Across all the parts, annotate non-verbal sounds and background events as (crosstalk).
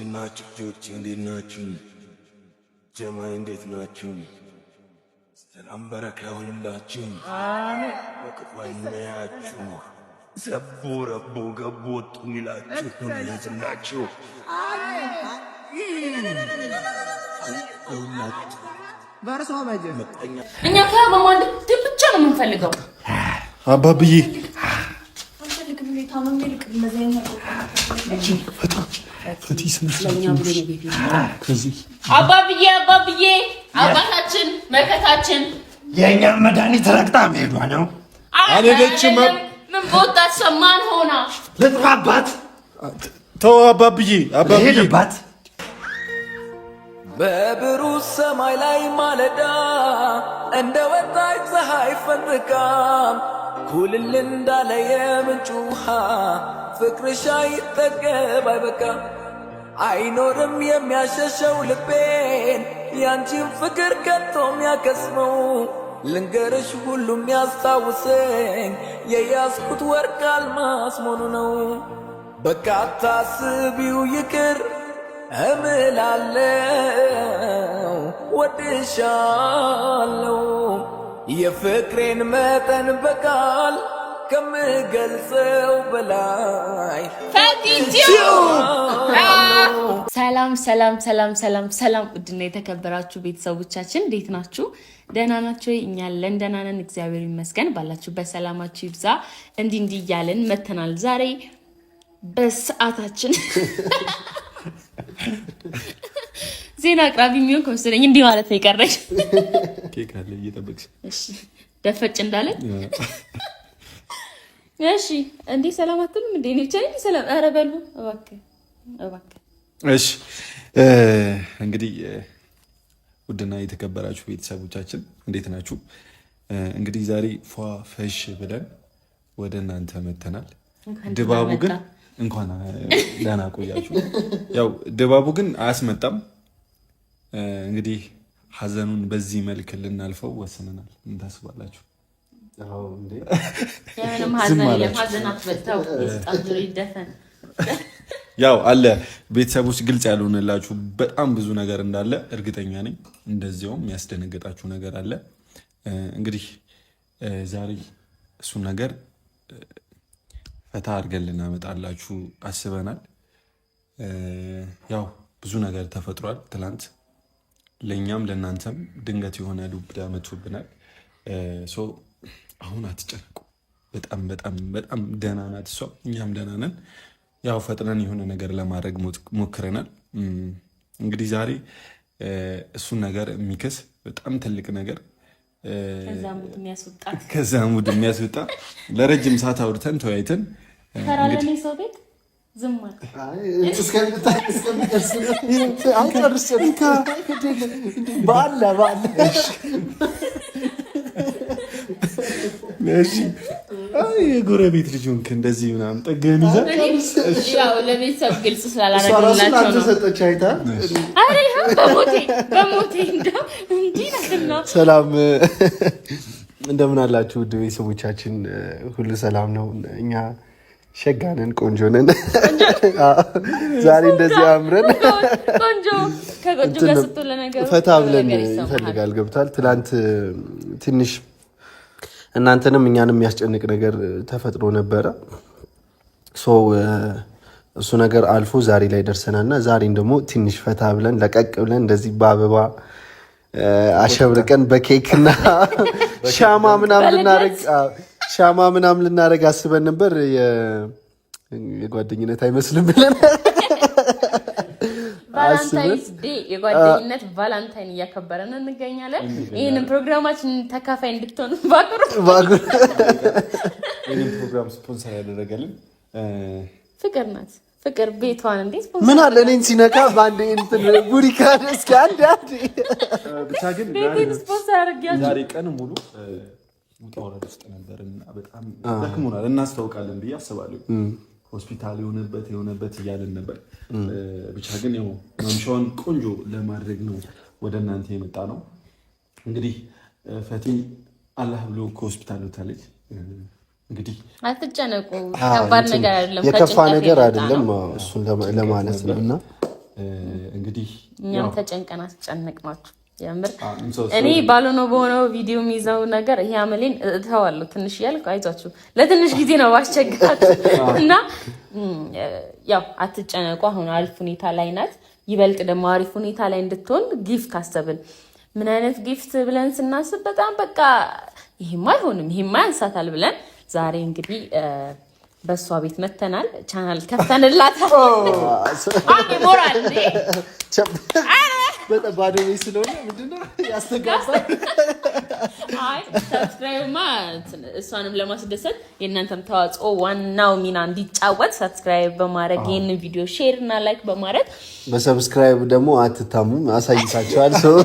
እንዴት ናችሁ ልጆች? እንዴት ናችሁ ጀማ? እንዴት ናችሁ? ሰላም በረካ ሁላችሁ። በቅባናያችሁ ዘቦ ረቦ ገቦ ወጡ ሚላችሁ እንዴት ናችሁ? እኛ ከበማ እንድትል ነው የምንፈልገው አባብዬ አባብዬ አባብዬ አባታችን መከታችን የእኛም መድኃኒት ረግጣ መሄዷ ነው። አልሄደችም። ምን ሰማን ሆና ልጥፋባት። ተው አባብዬ ሄድባት። በብሩህ ሰማይ ላይ ማለዳ እንደ ወጣች ፀሐይ ፈንጥቃ ኩልል እንዳለ የምንጩ ውሃ ፍቅርሻ ይጠገብ አይበቃም። አይኖርም የሚያሸሸው ልቤን ያንቺን ፍቅር ከቶ የሚያከስመው ልንገርሽ ሁሉም የሚያስታውሰኝ የያዝኩት ወርቅ አልማስ መሆኑ ነው። በቃ አታስቢው ይቅር እምላለው ወድሻለው የፍቅሬን መጠን በቃል ከምገልጸው በላይ ሰላም ሰላም ሰላም ሰላም ሰላም። ውድና የተከበራችሁ ቤተሰቦቻችን እንዴት ናችሁ? ደህና ናቸው? እኛ አለን ደህና ነን፣ እግዚአብሔር ይመስገን። ባላችሁበት ሰላማችሁ ይብዛ። እንዲህ እንዲህ እያለን መተናል ዛሬ በሰዓታችን (laughs) ዜና አቅራቢ የሚሆን ከመሰለኝ እንዲህ ማለት ነው የቀረች ደፈጭ እንዳለን እሺ እንዴ ሰላም አትሉም እንዴ? እኔ ብቻ ነኝ ሰላም? ኧረ በሉ እባክህ እባክህ። እሺ እንግዲህ ውድና የተከበራችሁ ቤተሰቦቻችን እንዴት ናችሁ? እንግዲህ ዛሬ ፏ ፈሽ ብለን ወደ እናንተ መተናል። ድባቡ ግን እንኳን ደህና ቆያችሁ። ያው ድባቡ ግን አያስመጣም። እንግዲህ ሀዘኑን በዚህ መልክ ልናልፈው ወስነናል። እንታስባላችሁ ያው አለ ቤተሰቦች ግልጽ ያልሆነላችሁ በጣም ብዙ ነገር እንዳለ እርግጠኛ ነኝ። እንደዚያውም ያስደነገጣችሁ ነገር አለ። እንግዲህ ዛሬ እሱን ነገር ፈታ አድርገን ልናመጣላችሁ አስበናል። ያው ብዙ ነገር ተፈጥሯል። ትናንት ለእኛም ለእናንተም ድንገት የሆነ ዱብዳ መቶብናል። አሁን አትጨነቁ። በጣም በጣም በጣም ደህና ናት እሷ፣ እኛም ደህና ነን። ያው ፈጥነን የሆነ ነገር ለማድረግ ሞክረናል። እንግዲህ ዛሬ እሱን ነገር የሚክስ በጣም ትልቅ ነገር ከዛ ሙድ የሚያስወጣ ለረጅም ሰዓት አውርተን ተወያይተን ሰው ቤት የጎረቤት ልጅ ሆንክ እንደዚህ ምናምን ጠገን ይዘህ ሰላም እንደምን አላችሁ ውድ ቤተሰቦቻችን ሁሉ ሰላም ነው እኛ ሸጋነን ቆንጆነን ዛሬ እንደዚህ አምረን ፈታ ብለን ይፈልጋል ገብቷል። ትናንት ትንሽ እናንተንም እኛንም የሚያስጨንቅ ነገር ተፈጥሮ ነበረ። እሱ ነገር አልፎ ዛሬ ላይ ደርሰናል እና ዛሬን ደግሞ ትንሽ ፈታ ብለን ለቀቅ ብለን እንደዚህ በአበባ አሸብርቀን በኬክና ሻማ ምናምን ልናደርግ ሻማ ምናምን ልናደርግ አስበን ነበር። የጓደኝነት አይመስልም ብለን ቫላንታይንስ ዴ የጓደኝነት ቫላንታይን እያከበረን እንገኛለን። ይህንን ፕሮግራማችን ተካፋይ እንድትሆን ባክሩ ይህንን ፕሮግራም ስፖንሰር ያደረገልን ፍቅር ናት። ፍቅር ቤቷን እንዴት ምን አለ እኔን ሲነካ በአንድ እንትን ቡሪካን እስኪ አንድ አንድ ብቻ ግን ስፖንሰር አድርጊያለሁ። ዛሬ ቀን ሙሉ ውጣ ውረድ ውስጥ ነበር እና በጣም ደክሞናል። እናስታውቃለን ብዬ አስባለሁ። ሆስፒታል የሆነበት የሆነበት እያለን ነበር። ብቻ ግን ያው ማምሻውን ቆንጆ ለማድረግ ነው ወደ እናንተ የመጣ ነው። እንግዲህ ፈቲ አላህ ብሎ ከሆስፒታል ወታለች። እንግዲህ አትጨነቁ፣ ከባድ ነገር አይደለም፣ የከፋ ነገር አይደለም። እሱን ለማለት ነው እና እንግዲህ እኛም ተጨንቀን አስጨነቅናችሁ የምር ah, እኔ ባልሆነ በሆነው ቪዲዮ የሚይዘው ነገር ይሄ አመሌን እተዋለሁ። ትንሽ እያልኩ አይዟችሁ ለትንሽ ጊዜ ነው ባስቸግራት ah. እና ያው አትጨነቁ። አሁን አሪፍ ሁኔታ ላይ ናት። ይበልጥ ደግሞ አሪፍ ሁኔታ ላይ እንድትሆን ጊፍት አሰብን። ምን አይነት ጊፍት ብለን ስናስብ በጣም በቃ ይሄማ አይሆንም፣ ይሄማ ያንሳታል ብለን ዛሬ እንግዲህ በእሷ ቤት መተናል። ቻናል ከፍተንላታል oh, (laughs) ሞራል (laughs) በጣም ባዶ ቤት ስለሆነ ምንድነው ያስተጋባል። እሷንም ለማስደሰት የእናንተም ተዋጽኦ ዋናው ሚና እንዲጫወት ሰብስክራይብ በማድረግ ይህን ቪዲዮ ሼር እና ላይክ በማድረግ በሰብስክራይብ ደግሞ አትታሙም፣ አሳይታችኋል። ሰው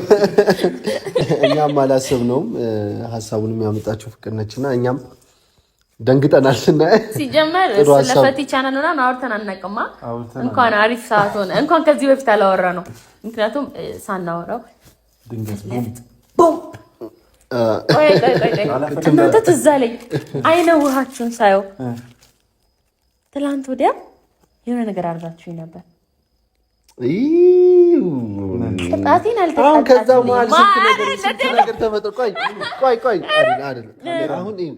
(laughs) እኛም አላሰብነውም፣ ሀሳቡንም ያመጣችው ፍቅር ነች እኛም ደንግጠናል ስናይ ሲጀመር ስለፈቲ ቻናል ምናምን አውርተን አናውቅማ። እንኳን አሪፍ ሰዓት ሆነ። እንኳን ከዚህ በፊት አላወራ ነው። ምክንያቱም ሳናወራው እናንተ ትዝ አለኝ። አይነ ውሃችሁን ሳየው ትላንት ወዲያ የሆነ ነገር አድርጋችሁኝ ነበር አሁን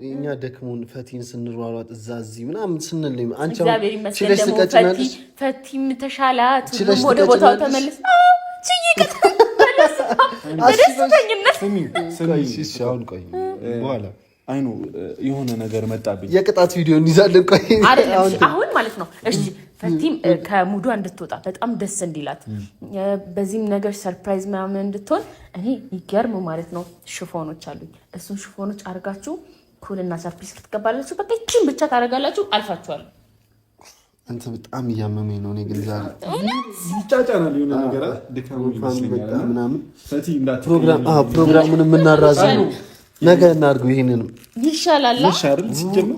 እኛ ደክሞን ፈቲን ስንሯሯጥ እዛ እዚህ ምናምን ስንል አንቺ ችለሽ ትቀጭናለሽ። ፈቲም ተሻላት ወደ ቦታው ተመልስ በኋላ አይኑ የሆነ ነገር መጣብኝ። የቅጣት ቪዲዮ እንይዛለን። ቆይ አሁን ማለት ነው እሺ ፈቲም ከሙዷ እንድትወጣ በጣም ደስ እንዲላት በዚህም ነገር ሰርፕራይዝ ምናምን እንድትሆን እኔ ይገርም ማለት ነው ሽፎኖች አሉኝ። እሱን ሽፎኖች አድርጋችሁ ኩልና ሰርፕሪዝ ክትቀባላችሁ በቃ ይችን ብቻ ታደርጋላችሁ። አልፋችኋል። አንተ በጣም እያመመኝ ነው። እኔ ግን ዛሬ ይጫጫናል የሆነ ነገር ፕሮግራሙን የምናራዘው ነገ እናድርገው። ይሄንንም ይሻላል ሲጀምር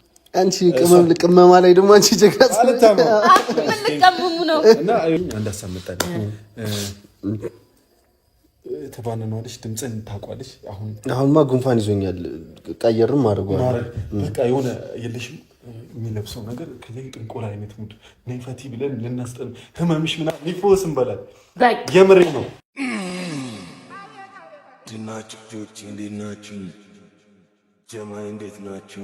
አንቺ ቅመም ልቅመማ ላይ ደግሞ አንቺ ጀግና ልቀመሙ ነው። አንድ ሀሳብ መጣልኝ። ተባንነዋለች፣ ድምፅን ታውቋለች። አሁን አሁንማ ጉንፋን ይዞኛል። ቀየርም አድርጓል። በቃ የሆነ የለሽም የሚለብሰው ነገር ከዚ ጥንቆላ አይነት ሙድ ነይፈቲ ብለን ልናስጠን ህመምሽ ምናምን ሊፈወስ እንበላል። የምሬ ነው። ድናችሁ ልጆች እንዴት ናችሁ? ጀማይ እንዴት ናችሁ?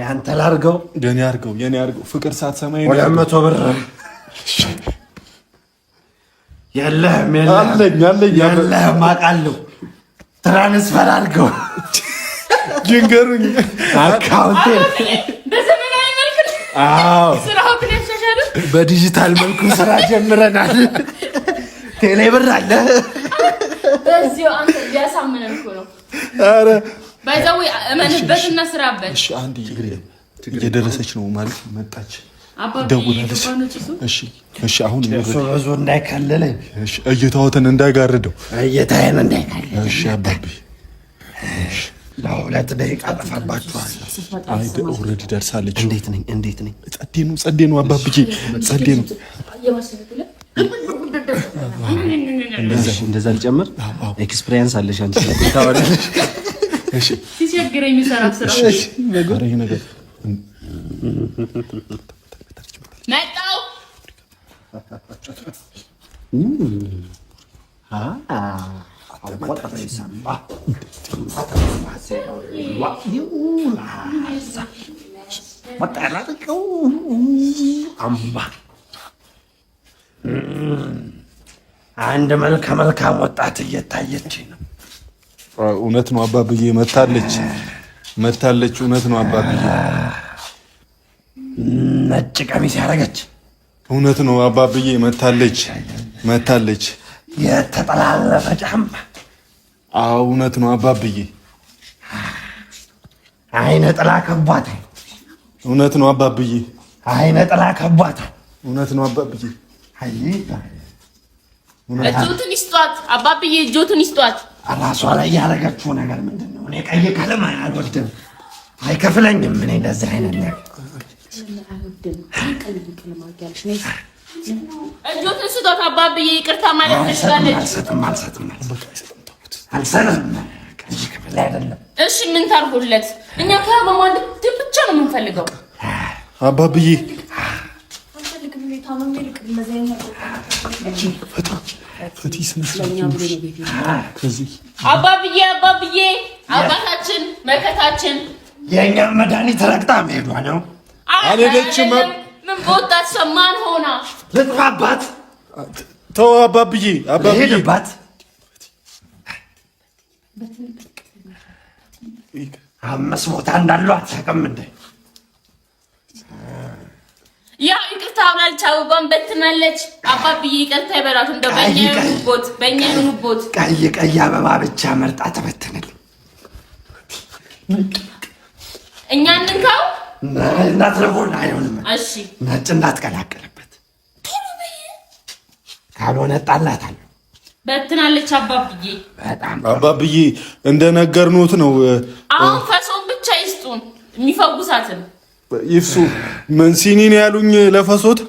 ያንተ ላርገው የኔ አርገው የኔ አርገው ፍቅር ሳትሰማ ሁለት መቶ ብር የለህም የለህም አውቃለሁ። ትራንስፈር አርገው ይንገሩኝ አካውንቴ በዲጂታል መልኩ ስራ ጀምረናል። ቴሌ ብር አለ። ባይዛው እመንበት እና ስራበት። እሺ አንድ እየደረሰች ነው ማለት መጣች። ደውላለች። እሺ እሺ። አሁን ዞ እንዳይካለለ እየታወተን እንዳይጋርደው እየታየን እንዳይካለለ። እሺ አባቢ ለሁለት ደቂቃ ጠፋባችኋል። ኦልሬዲ ደርሳለች። እንዴት ነኝ? እንዴት ነኝ? ጸዴ ነው፣ ጸዴ ነው አባብዬ፣ ጸዴ ነው። እንደዛ ሊጨምር ኤክስፒሪየንስ አለሽ አንቺ ታወራለሽ (laughs) ሲቸግረኝ የሚሰራ ስራ አንድ መልከ መልካም ወጣት እየታየች ነው። እውነት ነው አባብዬ መታለች፣ መታለች። እውነት ነው አባብዬ ነጭ ቀሚስ ያደረገች። እውነት ነው አባብዬ መታለች፣ መታለች። የተጠላለፈ ጫማ። አዎ እውነት ነው አባብዬ። አይነ ጥላ ከቧት። እውነት ነው አባብዬ። አይነ ጥላ ከቧት። እውነት ነው አባብዬ። እጆትን ይስጧት አባብዬ፣ እጆትን ይስጧት ራሷ ላይ ያደረገችው ነገር ምንድን ነው? እኔ ቀይ ቀለም አልወድም፣ አይከፍለኝም። እኔ እንደዚህ አይነት ነገር እጆትን አባብዬ ይቅርታ ማለት አልሰጥም፣ እሺ ምን ታርጉለት? እኛ ብቻ ነው የምንፈልገው አባብዬ አባብዬ አባብዬ አባታችን መከታችን የእኛ መድኃኒት ረግጣ መሄዷ ነው። አልሄደችም። ምን በወጣት ሰማን ሆና ልጥፋባት። ተው አባብዬ አምስት ቦታ አታውቅም አብላልች አበባን በትናለች። አባብዬ ይቅርታ ይበላት። እንደው በእኛ ይሁንቦት፣ በእኛ ይሁንቦት። ቀይ ቀይ አበባ ብቻ መርጣ ተበትንልኝ። እኛ እንንካው እናትረቦን አይሆንም። እሺ ነጭ እንዳትቀላቀለበት፣ ካልሆነ ጣላታለሁ። በትናለች አባብዬ። በጣም አባብዬ እንደነገርኖት ነው። አሁን ከሰው ብቻ ይስጡን የሚፈጉሳትን ይፍሱ መንሲኒን ያሉኝ ለፈሶት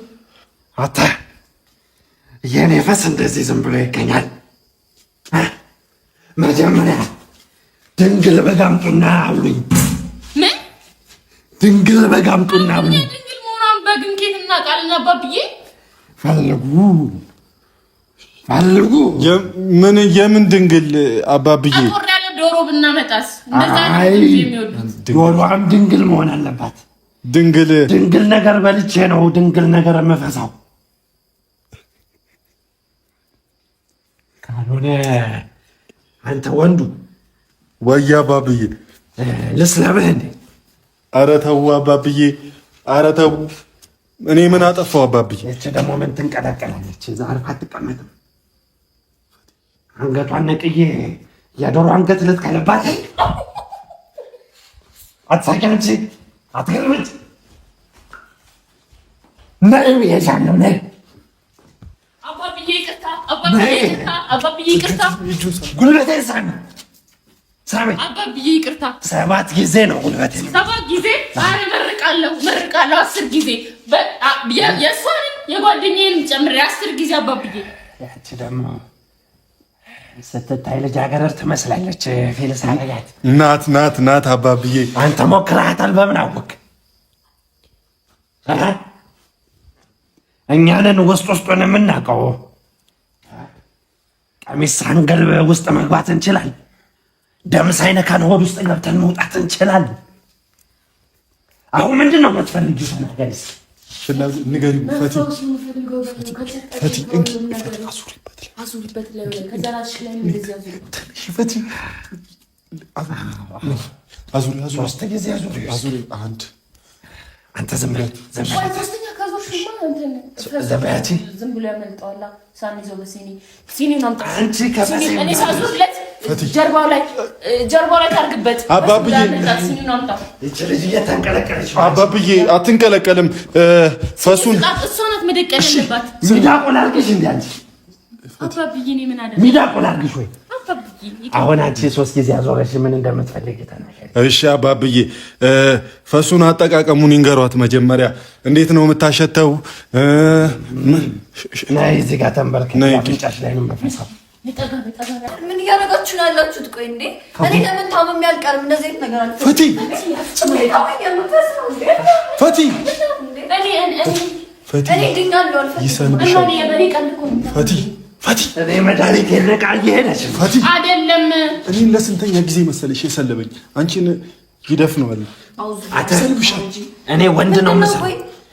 አተ የኔ ፈስ እንደዚህ ዝም ብሎ ይገኛል። መጀመሪያ ድንግል በጋምጡና አሉኝ። ምን ድንግል በጋምጡና አብሉኝ። ድንግል መሆኗን በግንኬትና ቃልና ባብዬ ፈልጉ ፈልጉ። ምን የምን ድንግል አባብዬ? ዶሮ ብናመጣስ? ዶሮም ድንግል መሆን አለባት። ድንግል ድንግል ነገር በልቼ ነው ድንግል ነገር የምፈሳው። ካልሆነ አንተ ወንዱ ወያ አባብዬ ልስለምህ እንዴ? ኧረ ተው አባብዬ፣ አረተው ተው። እኔ ምን አጠፋው አባብዬ? እቺ ደግሞ ምን ትንቀጠቀላለች? እዛ አርፋ አትቀመጥም። አንገቷን ነቅዬ የዶሮ አንገት ልትከለባት አትሳቂያንቺ አትገልብጥ። ነይ ብዬሻለሁ። ነይ ጉልበቴን ሳሚ ሳሚ። አባብዬ ይቅርታ። ሰባት ጊዜ ነው ጉልበቴ። ሰባት ጊዜ? ኧረ መርቃለሁ፣ መርቃለሁ። አስር ጊዜ የእሷንም የጓደኛዬንም ጨምሬ አስር ጊዜ አባብዬ ስትታይ ልጃገረድ ትመስላለች። ፊልስ አረጋት ናት ናት ናት። አባብዬ አንተ ሞክረሃታል? በምን አወቅ? እኛንን ውስጥ ውስጡን የምናውቀው ቀሚሳን ገልበ ውስጥ መግባት እንችላል። ደም ሳይነካን ሆድ ውስጥ ገብተን መውጣት እንችላል። አሁን ምንድን ነው የምትፈልጊው? ተናገሪስ። ንገሪ ፈቲ አዙሪበት ላይ አንተ ዝም አባብዬ አትንቀለቀልም። ፈሱን እሷ ናት መደቀል ያለባት አሁን አንቺ ሶስት ጊዜ አዞረሽ ምን እንደምትፈልግ እሺ አባብዬ ፈሱን አጠቃቀሙን ይንገሯት መጀመሪያ እንዴት ነው የምታሸተው እዚህ ጋር ተንበርክ አፍንጫሽ ላይ ነው የምፈሳው ምን እያደረጋችሁ ነው ያላችሁት ቆይ እንዴ እኔ ለምን ታመም ያልቀርም እንደዚህ አይነት ነገር አልፈ ፈቲ ፈቲ ፈቲ ፈቲ ፈቲ እኔ መድኃኒት የለቃ እየሄደች ፈቲ አይደለም። እኔ ለስንተኛ ጊዜ መሰለሽ የሰለበኝ አንቺን ይደፍነዋል። አትሰልብሻል። እኔ ወንድ ነው መሰል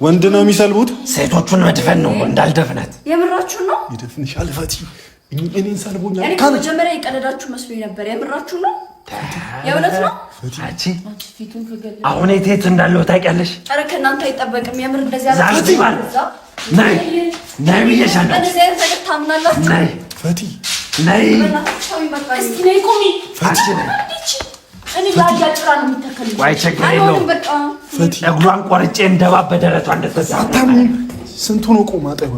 ወንድ ነው የሚሰልቡት። ሴቶቹን መድፈን ነው እንዳልደፍናት። የምራችሁ ነው ይደፍንሻል። ፈቲ እኔን ሰልቦኛል። እኔ ከመጀመሪያ የቀለዳችሁ መስሎኝ ነበር። የምራችሁ ነው? የእውነት ነው? አሁን የት እንዳለው ታውቂያለሽ? ኧረ ከእናንተ አይጠበቅም። የምር እንደዚህ ናይ ናይ ብዬሻለሁ። ናይ ፈቲ ናይ ቆይ ችግር የለውም። እግሯን ቆርጬ እንደባ በደረቷ እንደተሳታም ስንቱ ነው ቆማ ጠብ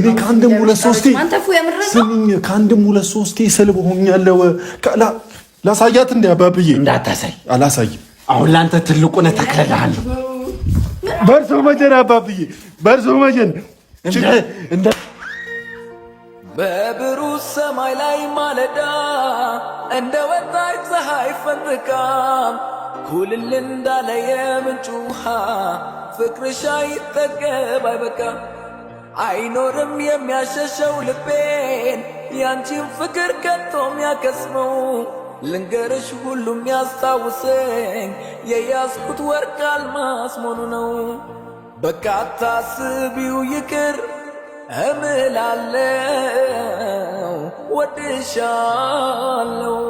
እኔ ከአንድም ሁለት ሶስቴ ስሚኝ፣ ከአንድም ሁለት ሶስቴ ስልብ ሆኛለሁ። ላሳያት እንደ አባብዬ እንዳታሳይ፣ አላሳይም። አሁን ለአንተ ትልቁ ነህ ተክለልሃለሁ በእርሶ መጀን አባብዬ በእርሶ መጀን በብሩህ ሰማይ ላይ ማለዳ እንደ ወጣች ፀሐይ ፈንጥቃ ኩልል እንዳለ የምንጩ ውሃ ፍቅርሽ አይጠገብ አይበቃ አይኖርም የሚያሸሸው ልቤን ያንቺን ፍቅር ከቶም ያከስመው ልንገርሽ ሁሉም ያስታውሰኝ የያዝኩት ወርቅ አልማስ መሆኑ ነው። በቃ አታስቢው ይቅር እምላለው ወድሻለው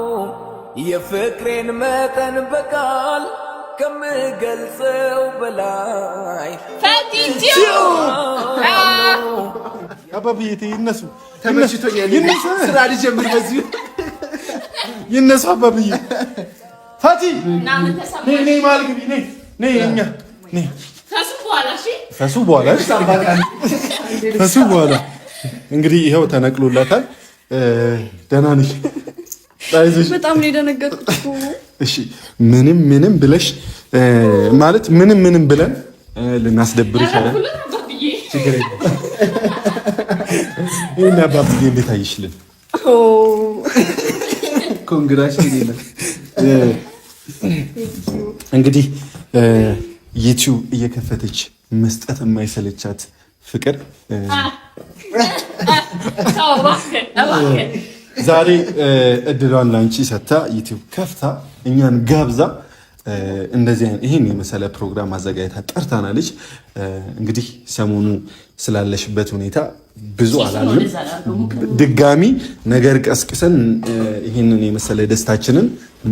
የፍቅሬን መጠን በቃል ከምገልጸው በላይ አባብዬ ይነሱ ስራ ልጀምር በዚሁ ይነሳ አባብዬ ፈቲ ፈሱ በኋላ ፈሱ በኋላ እንግዲህ ይኸው ተነቅሎላታል። ደህና ነሽ? በጣም ነው የደነገጥኩት። እሺ ምንም ምንም ብለሽ ማለት ምንም ምንም ብለን ልናስደብር ይችላል። ችግር የለም። ይሄን አባብዬ እንዴት አይሽልን (laughs) እንግዲህ ዩቲዩብ እየከፈተች መስጠት የማይሰለቻት ፍቅር (laughs) ዛሬ እድሏን ላንቺ ሰታ ዩቲዩብ ከፍታ እኛን ጋብዛ እንደዚህ ይህን የመሰለ ፕሮግራም አዘጋጅታ ጠርታናለች። እንግዲህ ሰሞኑ ስላለሽበት ሁኔታ ብዙ አላለም። ድጋሚ ነገር ቀስቅሰን ይህንን የመሰለ ደስታችንን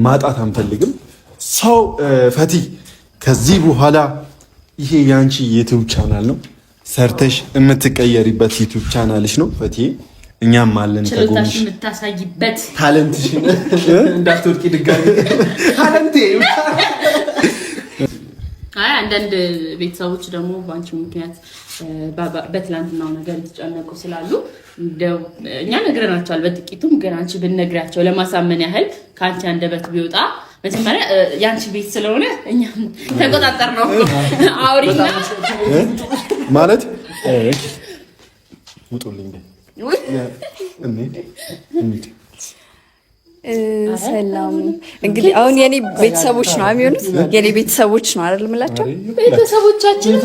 ማጣት አንፈልግም። ሰው ፈቲ፣ ከዚህ በኋላ ይሄ የአንቺ የዩቲዩብ ቻናል ነው። ሰርተሽ የምትቀየሪበት ዩቲዩብ ቻናልሽ ነው ፈቲ እኛም አለን ከጎንሽ የምታሳይበት ታለንትሽን እንዳትወድቂ ድጋሚ ታለንቴ። አይ አንዳንድ ቤተሰቦች ደግሞ በአንቺ ምክንያት በትላንትናው ነገር የተጨነቁ ስላሉ እኛ ነግረናቸዋል፣ በጥቂቱም ግን አንቺ ብንነግራቸው ለማሳመን ያህል ከአንቺ አንደበት ቢወጣ መጀመሪያ የአንቺ ቤት ስለሆነ እኛም ተቆጣጠር ነው አውሪና ማለት ውጡልኝ ሰላም እንግዲህ አሁን የኔ ቤተሰቦች ነው የሚሆኑት። የኔ ቤተሰቦች ነው አይደል የምላቸው። ቤተሰቦቻችን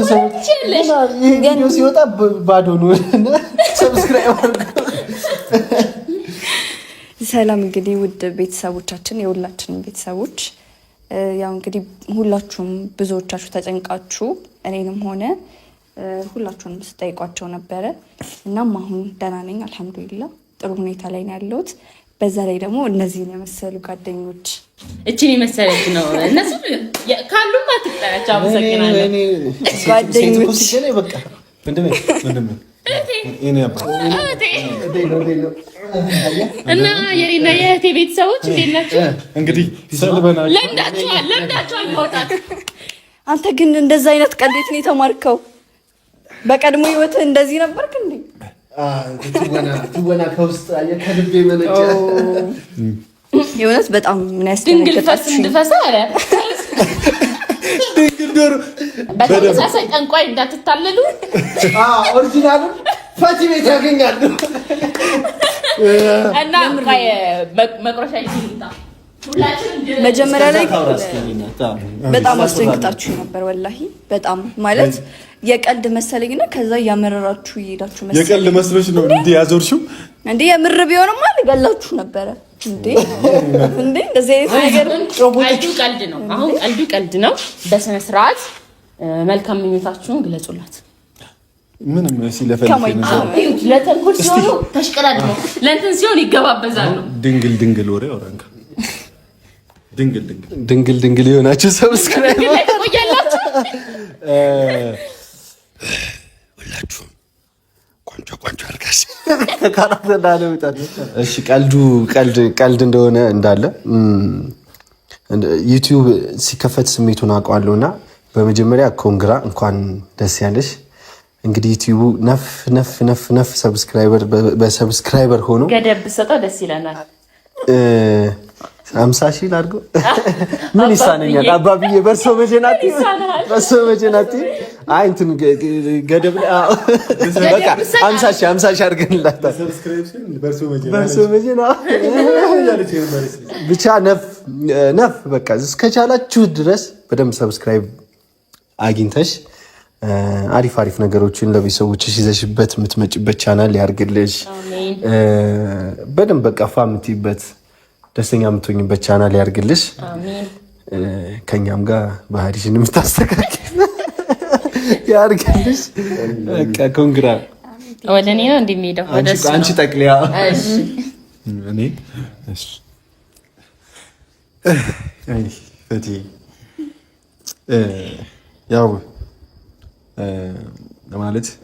ሲወጣ ባዶ ነው። ሰላም እንግዲህ ውድ ቤተሰቦቻችን፣ የሁላችንም ቤተሰቦች ያው እንግዲህ ሁላችሁም ብዙዎቻችሁ ተጨንቃችሁ እኔንም ሆነ ሁላችሁንም ስጠይቋቸው ነበረ። እናም አሁን ደህና ነኝ፣ አልሐምዱሊላ ጥሩ ሁኔታ ላይ ነው ያለሁት። በዛ ላይ ደግሞ እነዚህን የመሰሉ ጓደኞች እችን የመሰለች ነው እነሱ ካሉም አትጠራቸው። አመሰግናለሁ። እና የኔና የእህቴ ቤተሰቦች እንዴት ናቸው? እንግዲህ ለምዳችኋል ለምዳችኋል መውጣት። አንተ ግን እንደዛ አይነት ቀን ነው የተማርከው? በቀድሞ ህይወት እንደዚህ ነበርክ እንዴ? ትወና ከውስጥ ከልቤ መነጨ። የእውነት በጣም ምን ድንግል ዶሮ በተመሳሳይ ጠንቋይ እንዳትታለሉ። ኦሪጂናሉ ፈቲ ቤት ያገኛሉ እና መቁረሻ መጀመሪያ ላይ በጣም አስደንግጣችሁ ነበር። ወላሂ በጣም ማለት የቀልድ መሰለኝ እና ከዛ እያመረራችሁ እየሄዳችሁ መሰለኝ። የቀልድ መስሎች ነው እንዴ ያዞርሽው? እንዴ የምር ቢሆንማ ልገላችሁ ነበረ። እንዴ እንዴ እንደዚህ አይነት ነገር ቀልድ ነው። አሁን ቀልዱ ቀልድ ነው። በስነ ስርዓት መልካም ምኞታችሁን ግለጹላት። ምንም ሲለፈልፍ ለተንኮል ሲሆኑ ተሽቀዳድ ነው፣ ለእንትን ሲሆን ይገባበዛል ነው ድንግል ድንግል ወሬ አውራንካ ድንግል ድንግል ድንግል የሆናችሁ ሰብስክራይብ ሁላችሁም ቆንጆ ቆንጆ እሺ። ቀልዱ ቀልድ እንደሆነ እንዳለ ዩቲዩብ ሲከፈት ስሜቱን አውቀዋለሁ እና በመጀመሪያ ኮንግራ እንኳን ደስ ያለሽ። እንግዲህ ዩቲዩቡ ነፍ ነፍ ነፍ ነፍ ሰብስክራይበር በሰብስክራይበር ሆኖ ገደብ ሰጠው ደስ ይለናል። አምሳ ሺህ ላድርገው? ምን ይሳነኛል አባብዬ፣ በእርሶ መጀናት በእርሶ መጀናት። አይ እንትን ገደብ በቃ አምሳ ሺህ አምሳ ሺህ አድርገንላታል። በእርሶ መጀና ብቻ ነፍ ነፍ። በቃ እስከቻላችሁ ድረስ በደንብ ሰብስክራይብ አግኝተሽ አሪፍ አሪፍ ነገሮችን ለቤተሰቦችሽ ይዘሽበት የምትመጭበት ቻናል ያርግልሽ። በደንብ በቃ ፋ የምትይበት ደስተኛ የምትሆኝበት ቻናል ያድርግልሽ። ከኛም ጋር ባህሪሽን የምታስተካክል (laughs) ያድርግልሽ። ኮንግራ። ወደ እኔ ነው እንደሚሄደው አንቺ ጠቅልያ ያው ማለት (laughs)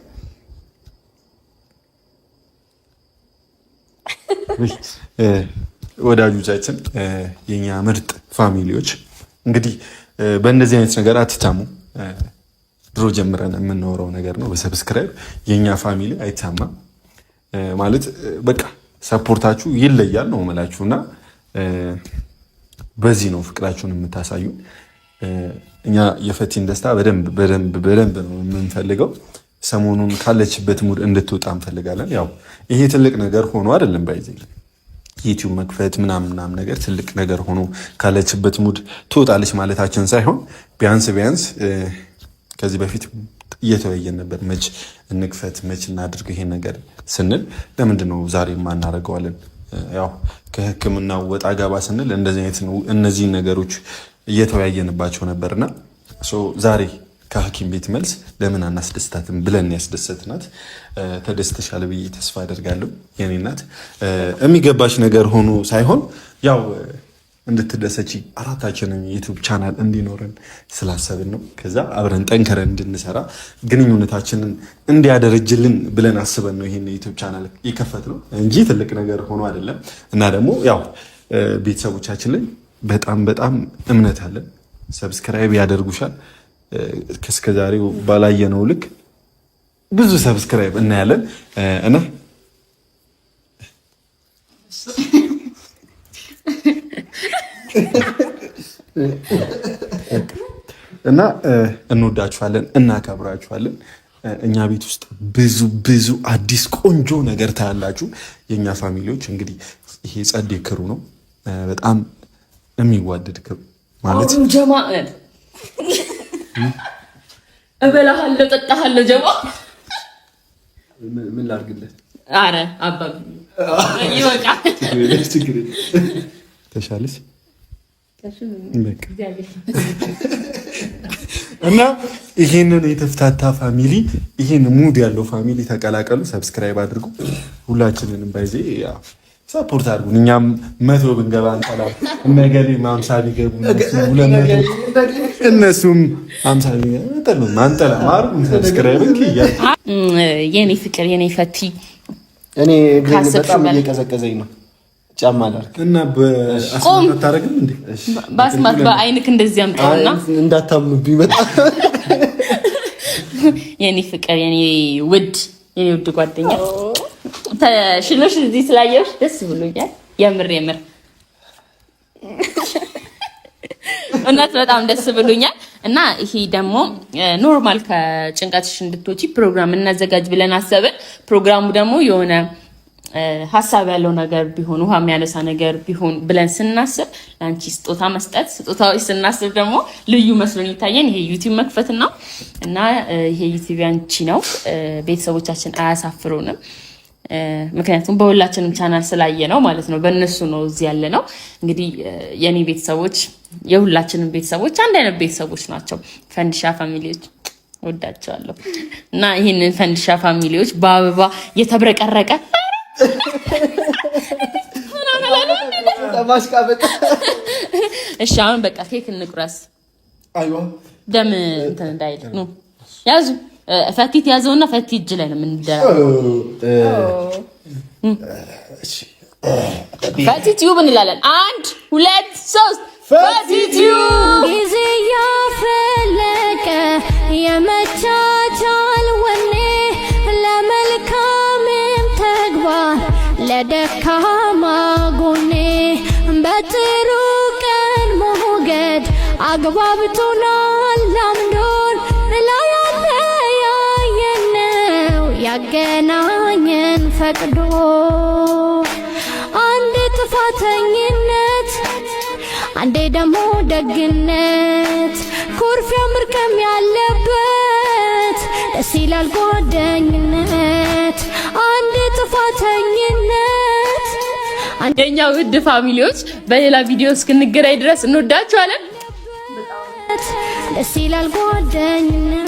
ወዳጆቻችን፣ የኛ ምርጥ ፋሚሊዎች እንግዲህ በእንደዚህ አይነት ነገር አትታሙ። ድሮ ጀምረን የምንኖረው ነገር ነው። በሰብስክራይብ የኛ ፋሚሊ አይታማም ማለት በቃ ሰፖርታችሁ ይለያል ነው የምላችሁ እና በዚህ ነው ፍቅራችሁን የምታሳዩ። እኛ የፈቲን ደስታ በደንብ በደንብ በደንብ ነው የምንፈልገው። ሰሞኑን ካለችበት ሙድ እንድትወጣ እንፈልጋለን። ያው ይሄ ትልቅ ነገር ሆኖ አይደለም ባይዘኝ ዩቲዩብ መክፈት ምናምን ምናምን ነገር ትልቅ ነገር ሆኖ ካለችበት ሙድ ትወጣለች ማለታችን ሳይሆን ቢያንስ ቢያንስ ከዚህ በፊት እየተወያየን ነበር። መች እንክፈት መች እናድርግ ይሄን ነገር ስንል ለምንድን ነው ዛሬ ማናደርገዋለን? ያው ከህክምና ወጣ ገባ ስንል እንደዚህ አይነት እነዚህ ነገሮች እየተወያየንባቸው ነበርና ዛሬ ከሐኪም ቤት መልስ ለምን አናስደስታትም ብለን ያስደሰትናት። ተደስተሻል ብዬ ተስፋ አደርጋለሁ የኔ እናት። የሚገባሽ ነገር ሆኖ ሳይሆን ያው እንድትደሰች አራታችንም ዩቱብ ቻናል እንዲኖረን ስላሰብን ነው። ከዛ አብረን ጠንከረን እንድንሰራ ግንኙነታችንን እንዲያደረጅልን ብለን አስበን ነው ይህን ዩቱብ ቻናል የከፈት ነው እንጂ ትልቅ ነገር ሆኖ አይደለም። እና ደግሞ ያው ቤተሰቦቻችን ላይ በጣም በጣም እምነት አለን። ሰብስክራይብ ያደርጉሻል እስከዛሬው ባላየነው ልክ ብዙ ሰብስክራይብ እናያለን እና እና እንወዳችኋለን፣ እናከብራችኋለን። እኛ ቤት ውስጥ ብዙ ብዙ አዲስ ቆንጆ ነገር ታያላችሁ። የእኛ ፋሚሊዎች እንግዲህ ይሄ ጸዴ ክሩ ነው፣ በጣም የሚዋደድ ክሩ ማለት እበላሃለሁ፣ ጠጣሃለሁ። ጀባ ምን ላድርግልህ? አረ አባ ይበቃል። ተሻለሽ እና ይሄንን የተፍታታ ፋሚሊ ይሄን ሙድ ያለው ፋሚሊ ተቀላቀሉ፣ ሰብስክራይብ አድርጉ። ሁላችንንም ባይዜ ሰፖርት አድርጉን። እኛም መቶ ብንገባ እንጠላ እነገሌ ማምሳ ቢገቡ እነሱም አምሳ ቢገቡ አንጠላ ማሩ ሰብስክራይብን የኔ ፍቅር የኔ ፈቲ እኔ በጣም እየቀዘቀዘኝ ነው። ጫማ ላርግ እና በአስማት አታረግም እንዴ? በአስማት በአይንክ እንደዚህ አምጣውና እንዳታምኑብኝ በጣም (laughs) የኔ ፍቅር የኔ ውድ የኔ ውድ ጓደኛ ተሽሎሽ እዚህ ስላየሁሽ ደስ ብሎኛል። የምር የምር እውነት በጣም ደስ ብሎኛል። እና ይሄ ደግሞ ኖርማል ከጭንቀትሽ እንድትወጪ ፕሮግራም እናዘጋጅ ብለን አሰብን። ፕሮግራሙ ደግሞ የሆነ ሀሳብ ያለው ነገር ቢሆን ውሃ የሚያነሳ ነገር ቢሆን ብለን ስናስብ ለአንቺ ስጦታ መስጠት፣ ስጦታዎች ስናስብ ደግሞ ልዩ መስሎን ይታየን ይሄ ዩቲብ መክፈት ነው እና ይሄ ዩቲብ ያንቺ ነው። ቤተሰቦቻችን አያሳፍሩንም። ምክንያቱም በሁላችንም ቻናል ስላየ ነው ማለት ነው። በእነሱ ነው እዚህ ያለ ነው። እንግዲህ የኔ ቤተሰቦች የሁላችንም ቤተሰቦች አንድ አይነት ቤተሰቦች ናቸው። ፈንድሻ ፋሚሊዎች ወዳቸዋለሁ እና ይህንን ፈንድሻ ፋሚሊዎች በአበባ የተብረቀረቀ እሺ፣ አሁን በቃ ኬክ እንቁረስ። ደም እንትን እንዳይል ያዙ ፈቲት ትያዘውና ፈቲ እጅ ላይ ነው የምንደራው። ፈቲ ቲዩብ እንላለን። አንድ ሁለት ሶስት ፈቲ ቲዩብ ሊያገናኘን ፈቅዶ አንዴ ጥፋተኝነት፣ አንዴ ደግሞ ደግነት፣ ኩርፊያ ምርቀም ያለበት ደስ ይላል ጓደኝነት። አንዴ ጥፋተኝነት አንደኛ ውድ ፋሚሊዎች በሌላ ቪዲዮ እስክንገናኝ ድረስ እንወዳችኋለን። ደስ ይላል ጓደኝነት